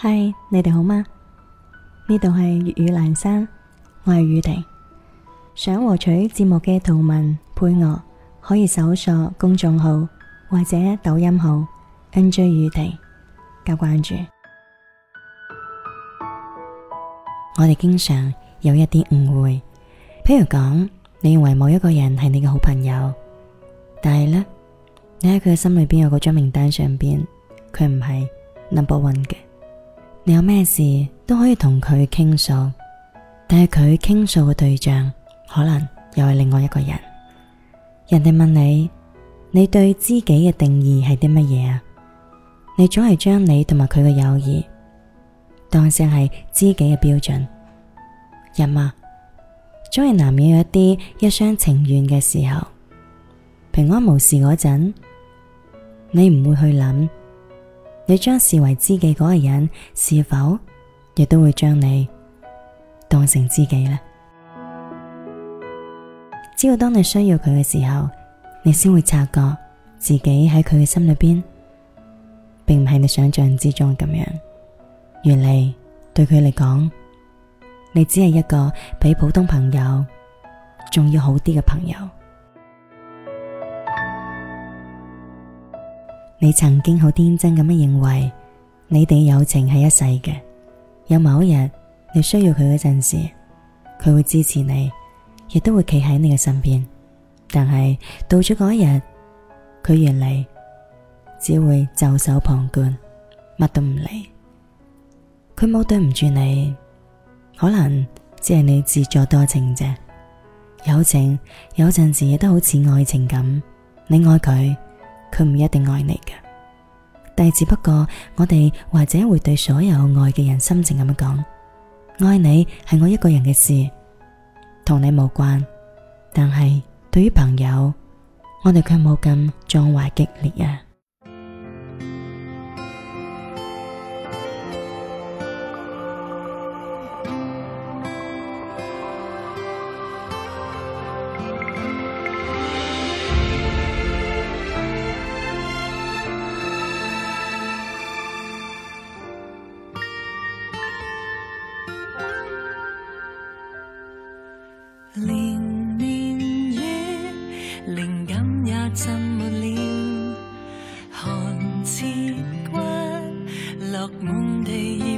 嗨，Hi，你哋好嗎？呢度係粵語闌山，我係宇婷。想獲取節目嘅圖文配樂，可以搜索公眾號或者抖音號 NJ 宇婷加關注。我哋經常有一啲誤會，譬如講，你認為某一個人係你嘅好朋友，但係呢，你喺佢嘅心裏邊有嗰張名單上邊，佢唔係 number one 嘅。你有咩事都可以同佢傾訴，但係佢傾訴嘅對象可能又係另外一個人。人哋問你，你對知己嘅定義係啲乜嘢啊？你總係將你同埋佢嘅友誼當成係知己嘅標準。人嘛，總係難免有一啲一廂情願嘅時候。平安無事嗰陣，你唔會去諗。你將視為知己嗰個人，是否亦都會將你當成知己呢？只有當你需要佢嘅時候，你先會察覺自己喺佢嘅心裏邊，並唔係你想象之中咁樣。原嚟對佢嚟講，你只係一個比普通朋友仲要好啲嘅朋友。你曾經好天真咁樣認為，你哋友情係一世嘅。有某一日你需要佢嗰陣時，佢會支持你，亦都會企喺你嘅身邊。但係到咗嗰一日，佢原嚟，只會袖手旁觀，乜都唔理。佢冇對唔住你，可能只係你自作多情啫。友情有陣時亦都好似愛情咁，你愛佢，佢唔一定愛你嘅，但係只不過我哋或者會對所有愛嘅人深情咁樣講，愛你係我一個人嘅事，同你無關。但係對於朋友，我哋卻冇咁壯懷激烈啊。連綿雨，靈感也浸沒了；寒徹骨落滿地葉。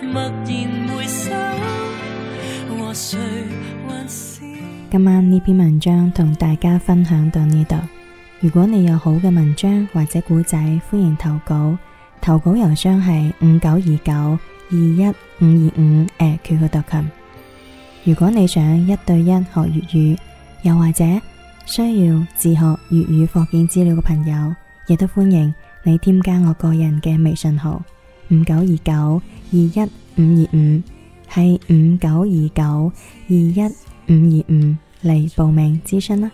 默然回首，今晚呢篇文章同大家分享到呢度。如果你有好嘅文章或者古仔，歡迎投稿。投稿郵箱係五九二九二一五二五誒 q q 點 com。如果你想一對一學粵語，又或者需要自學粵語課件資料嘅朋友，亦都歡迎你添加我個人嘅微信號。五九二九二一五二五，係五九二九二一五二五嚟報名諮詢啦。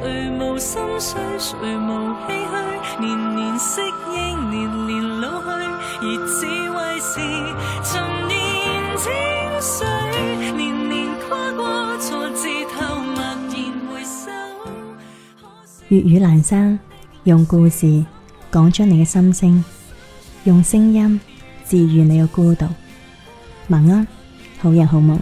誰無心碎，誰無唏噓？年年適應，年年老去。而智慧是沉澱精髓，年年跨過挫折頭，驀然回首。可惜粵語闌珊，用故事講出你嘅心聲，用聲音治愈你嘅孤獨。晚安，啊，好人好夢。